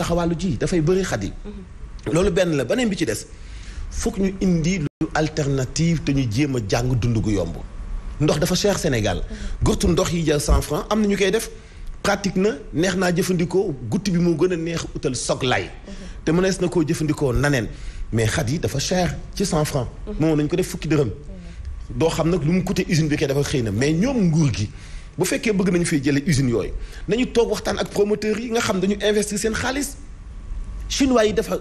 taxawaalu ji dafay bëri xadi mhm. loolu benn la beneen bi ci des foog ñu indi lu alternative te ñu jéem a jàng dund gu yomb ndox dafa cher Sénégal mhm. gortu ndox yi jar cent franc am na ñu koy def pratique na neex naa jëfandikoo guddi bi moo gën a neex utal soglay mhm. te mënees na koo jëfandikoo naneen mais xat yi dafa cher ci cent franc moom nañ ko def fukki dërëm doo xam nag lu mu coûté usine bi koy dafa xëy na mais ñoom nguur gi bu fekkee bëgg nañu fi jëlee usine yooyu nañu toog waxtaan ak promoteurs yi nga xam dañu investir seen xaalis chinois yi dafa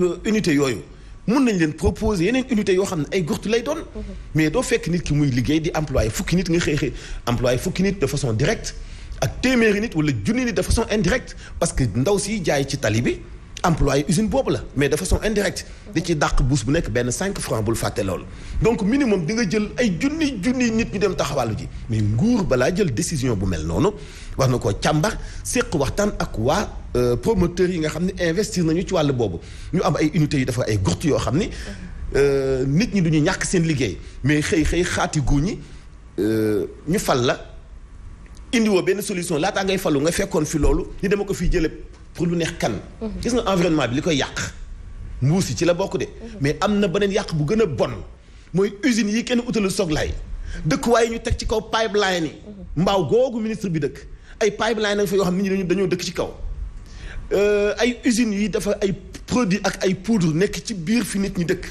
euh, unité yooyu mun nañ leen proposer yeneen unité yoo xam ne ay gurtu lay doon mhm. mais doo fekk nit ki muy liggéey di employé fukki nit nga xëy xëy employé fukki nit de façon directe ak téeméeri nit wala junni nit de façon indirecte parce que ndaw si jaay ci tali bi employé usine bobu la mais de façon indirecte di ci dàq bus bu nekk benn cinq francs bul fàtte loolu donc minimum di nga jël ay junni junni nit ñu dem taxawàllu ji mais nguur balaa jël décision bu mel noonu war na koo càmbar séq waxtaan ak waa euh, promoteurs yi nga xam ne investir nañu ci wàll boobu ñu am ay unités yi dafa ay gort yoo xam ni euh, nit ñi du ñu ñàkk seen liggéey mais xëy xëy xaati gu ñi euh, ñu fal la indi indiwoo benn solution laataa ngay falu nga fekkoon fi loolu ñu dama ko fii jële pour lu neex kan. gis nga environnement bi li koy yàq mbuus yi ci la bokk de. mais am na beneen yàq bu gën a bon mooy usines yi kenn utalul soglaay dëkkuwaay yi ñu teg ci kaw pipeline yi. mbaaw googu ministre bi dëkk ay pipeline fa yoo xam nit ñi dañoo dëkk ci kaw. Euh, ay usines yi dafa ay produits ak ay poudre nekk ci biir fi nit ñi dëkk.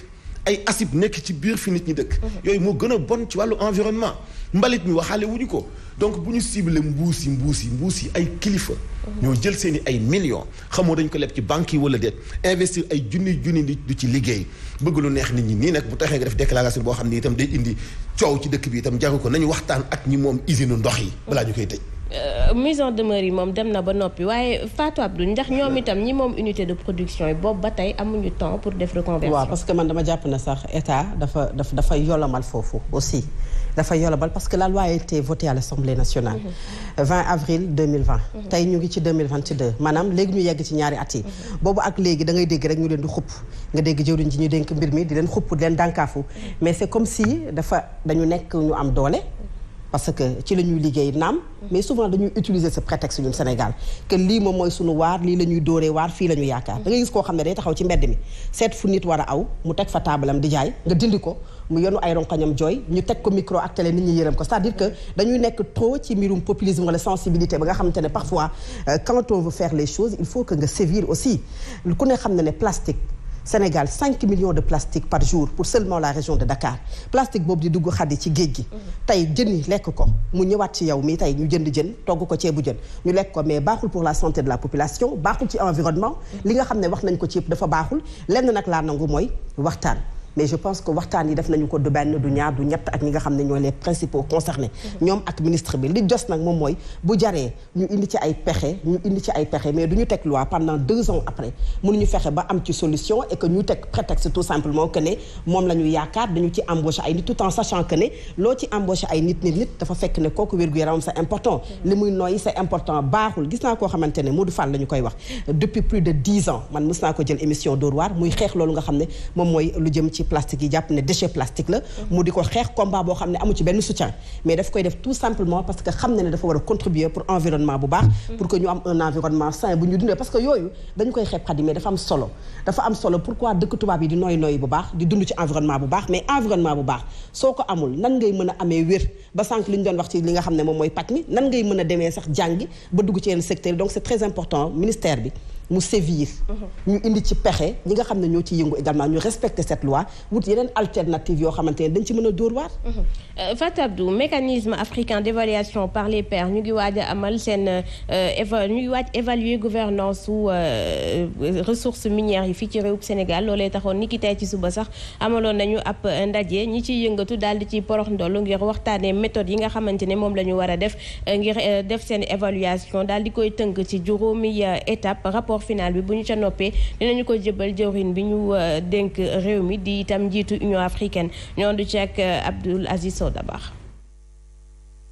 ay asib nekk ci biir fi nit ñi dëkk mhm. yooyu moo gën a bon ci wàllu environnement mbalit mi waxaale wuñu ko donc bu ñu ciblé mbuus yi mbuus yi mbuus yi ay kilifa mhm. ñoo jël seen i ay millions xamoo dañ ko leb ci banques yi wala déet investir ay junni junni nit du ci liggéey bëgg lu neex nit ñi nii nag bu taxee nga def déclaration boo xam ne itam day indi coow ci dëkk bi itam jaru ko nañu waxtaan ak ñi moom usine ndox yi balaa ñu koy tëj Euh, mise en demeure yi moom dem na ba noppi waaye Fatou Abdou ndax ñoom itam ñi moom unité de production yi boobu ba tey amuñu temps pour def reconversion. waaw parce que man dama jàpp na sax état dafa dafa dafa yolomal foofu aussi dafa yolomal parce que la loi a été votée à l'Assemblée nationale. 20 mm-hmm. avril 2020. Mm-hmm. tey ñu ngi ci 2022 maanaam léegi ñu yegg ci ñaari at yi. Mm-hmm. boobu ak léegi da ngay dégg rek ñu leen di xupp nga dégg jëwriñ ji ñu dénk mbir mi di leen xupp di leen dànkaafu mais c'est comme si dafa dañu nekk ñu am doole parce que ci la liggéey mais souvent dañuy utiliser ce prétexte au Sénégal que li mom moy sunu waar li lañuy doré, waar da gis mi aw mu fa di mu ay micro ak c'est-à-dire que dañuy nekk trop ci populisme wala sensibilité parfois euh, quand on veut faire les choses il faut que nga aussi ku ne plastique Sénégal 5 millions de plastique par jour pour seulement la région de Dakar plastique bob di dugg xadi ci géej gi tey jën yi lekk ko mu ñëwaat ci yow mi tay ñu jënd togg ko bu ñu mais baaxul pour la santé de la population baaxul ci environnement li nga xam ne wax nañ ko ci yëpp dafa baaxul lenn nak la nangu moy waxtaan mais je pense que waxtaan yi def nañu ko du ben du ñaar du ñett ak ñi nga xam ne les principaux concernés mm-hmm. ñom ak ministre bi li jos nak mom moy bu jaré ñu indi ci ay pexé ñu indi ci ay pexé mais duñu tek loi pendant deux ans après mënu ñu fexé ba am ci solution et que ñu tek prétexte tout simplement que né mom lañu yaakaar dañu ci embauché ay nit tout en sachant que né lo ci embauché ay nit nit nit dafa fekk né kooku wér-gu-yaramam c'est important mm-hmm. li muy noy c'est important baaxul gis na ko xamantene Modou Fall lañu koy wax depuis plus de 10 ans man mës naa ko jël émission Dóor muy xex lolu nga xamné mom moy lu jëm ci plastique yi déchets plastique plastiques combat parce soutien mais il faut tout simplement parce que xam ne contribuer pour environnement pour que ñu am un environnement sain parce que nous, dañu koy solo dafa am solo pourquoi dëkk tubaab faire di nooy nooy bu di dund ci environnement bu mais environnement bu amul nan ngay donc c'est très important ministère mu sévir. Mhm. ñu indi ci pexé ñi nga xamné ñoo ci yëngu également ñu respecter cette loi wut yeneen alternative yo xamantene dañ ci mëna door dóor waar. Mhm. Euh, Abdou mécanisme africain d'évaluation par les pairs ñu ngi waaj amal sen euh, éva ñu ngi waaj évaluer gouvernance ou euh, ressources minières yi fii ci réew Sénégal lolé taxone niki tay ci suba sax amalon nañu ap ndaje ñi ci yëngatu dal di ci porox ndollu ngir waxtaanee méthode yi nga xamantene mom lañu wara def ngir def sen évaluation dal di koy teunk ci juróomi étape rapport. rapport bi bu ñu ca noppee dinañu ko jëbal jawrin bi ñu euh, dénk réew mi di itam njiitu Union africaine ñoo du ci ak euh, Abdoul Aziz Sow Dabakh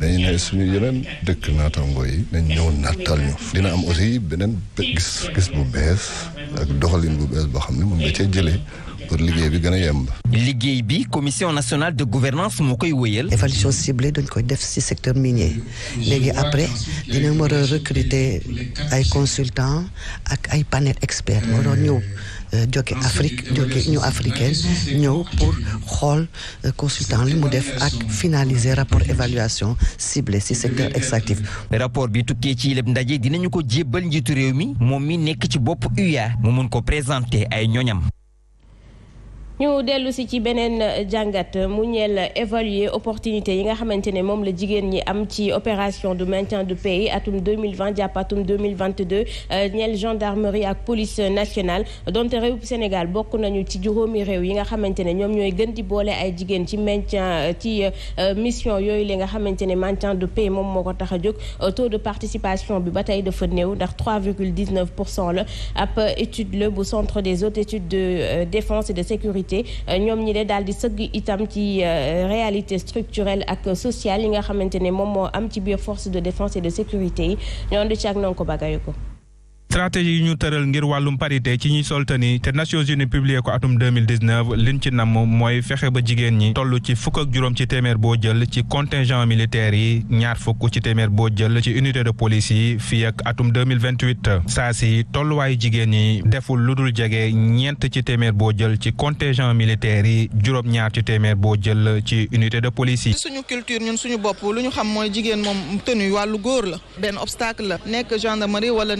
dañu ne suñu yeneen dëkk naataango yi dañ ñëw nattal ñu dina am aussi beneen gis gis bu bees ak doxalin bu bees boo xam ne moom nga cee jëlee pour liggéey bi gëna a liggéey bi commission nationale de gouvernance moo koy wéyal. évaluation ciblée dañ koy def ci secteur minier léegi après dina war a recruter ay consultants ak ay panel experts waroo ñëw. Euh, jóge Afrique jóge ñu africaine ñëw pour xool euh, consultant li mu def ak finaliser rapport évaluation ciblée ci secteur extractif. rapport bi tukkee ci le ndaje dinañu ko jébbal njiitu réew mi moom mi nekk ci bopp UA mu mun ko présenter ay ñoñam ñu dellu si ci beneen euh, jàngat mu ñeel évaluer opportunité yi nga xamante ne moom la jigéen ñi am ci opération de maintien de paix atum 2020 jàpp atum 2022 euh, ñeel gendarmerie ak police nationale donte réew Sénégal bokk nañu ci juróomi réew yi nga xamante ne ñoom ñooy gën di boole ay jigéen ci maintien euh, ci mission yooyu li nga xamante ne maintien de paix moom moo ko tax a jóg taux de participation bi ba tey dafa néew ndax 3,19 le cent la ab étude la bu centre des hautes études de défense et de sécurité sécurité euh, ñoom ñi de di sëgg itam ci euh, réalité structurelle ak sociale yi nga xamante ne moom am ci biir force de défense et de sécurité yi di ci ak non ko bagayu ko stratégie yi ñu tëral ngir wàllum parité ci ñuy soltani te Nations Unies publié ko atum 2019 liñ ci namm mooy fexe ba jigéen ñi toll ci fukk ak juróom ci téeméer boo jël ci contingent militaire yi ñaar fukk ci téeméer boo jël ci unité de police yi fii ak atum 2028 saa si tolluwaayu jigéen ñi deful lu dul jege ñeent ci téeméer boo jël ci contingent militaire yi juróom ñaar ci téeméer boo jël ci unité de police yi. suñu culture ñun suñu bopp lu ñu xam mooy jigéen moom tenu wàllu góor la benn nekk gendarmerie wala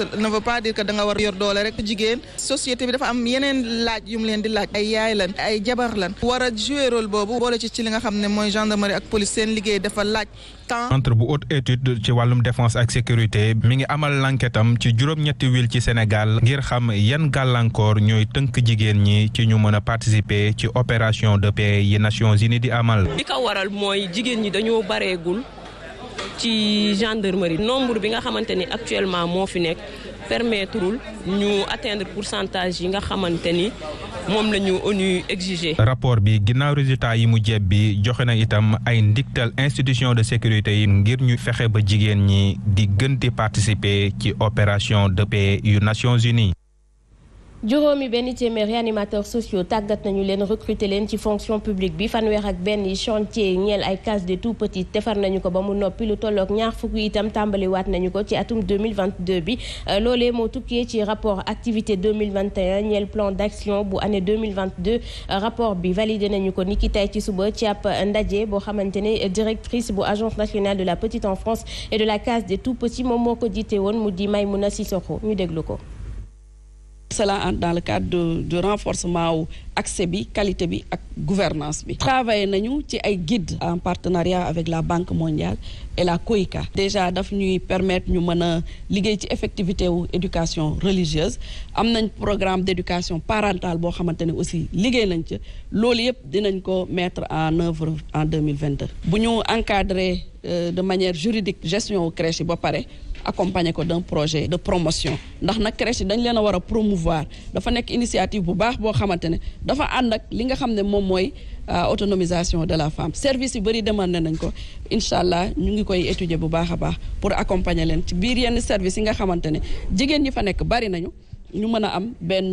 ne veut pas dire que da nga war yor doole rek jigéen société bi dafa am yeneen laaj yu mu leen di laaj ay yaay lan ay jabar lan war a jouer boobu boole ci ci li nga xam ne mooy gendarmerie ak police seen liggéey dafa laaj temps. entre bu haute étude ci wàllum défense ak sécurité mi ngi amal l'enquête ci juróom-ñetti wil ci Sénégal ngir xam yan gàllankoor ñooy tënk jigéen ñi ci ñu mën a participer ci opération de paix yi Nations Unies di amal. li ko waral mooy jigéen ñi dañoo bareegul. ci gendarmerie nombre bi nga xamante ni actuellement moo fi nekk permettrul ñu atteindre pourcentage yi nga xamante ni moom la ñu ONU exigé. rapport bi ginnaaw résultat yi mu jeeb bi joxe na itam ay ndigtal institution de sécurité yi ngir ñu fexe ba jigéen ñi di gën di participer ci opération de paix yu Nations Unies juróomi benn téeméeri animateurs sociaux tàggat nañu leen recruter leen ci fonction publique bi fanweer ak benn chantier ñeel ay case de tout petit defar nañu ko ba mu noppi lu tolloog ñaar fukk itam tàmbaliwaat nañu ko ci atum 2022 bi euh, loolee moo tukkee ci rapport activité 2021 ñeel plan d'action bu année 2022 euh, rapport bi validé nañu ko niki tay ci suba ci ab ndaje boo xamante directrice bu agence nationale de la petite enfance et de la case de tout petit moom moo ko jiite woon mu di Maïmouna Sissoko ñu déglu cela dans le cadre de du renforcement ou accès bi qualité bi la gouvernance bi Travailler nañu ci ay en partenariat avec la Banque mondiale et la COICA déjà daf ñuy permettre ñu mëna a ci effectivité ou éducation religieuse am nañ programme d'éducation parentale qui nous aussi nañ ci mettre en œuvre en 2022 Nous encadrer euh, de manière juridique gestion crèche ba accompagner ko d'un projet de promotion ndax nak crèche dañ leen wara promouvoir dafa nek initiative bu baax bo xamantene dafa ànd ak li nga xam mom moy euh, autonomisation de la femme service yu bari demandé nañ ko inshallah ñu ngi koy étudier bu baax baax pour accompagner leen ci biir yenn service yi nga xamantene jigen ñi fa nek bari nañu ñu mëna am ben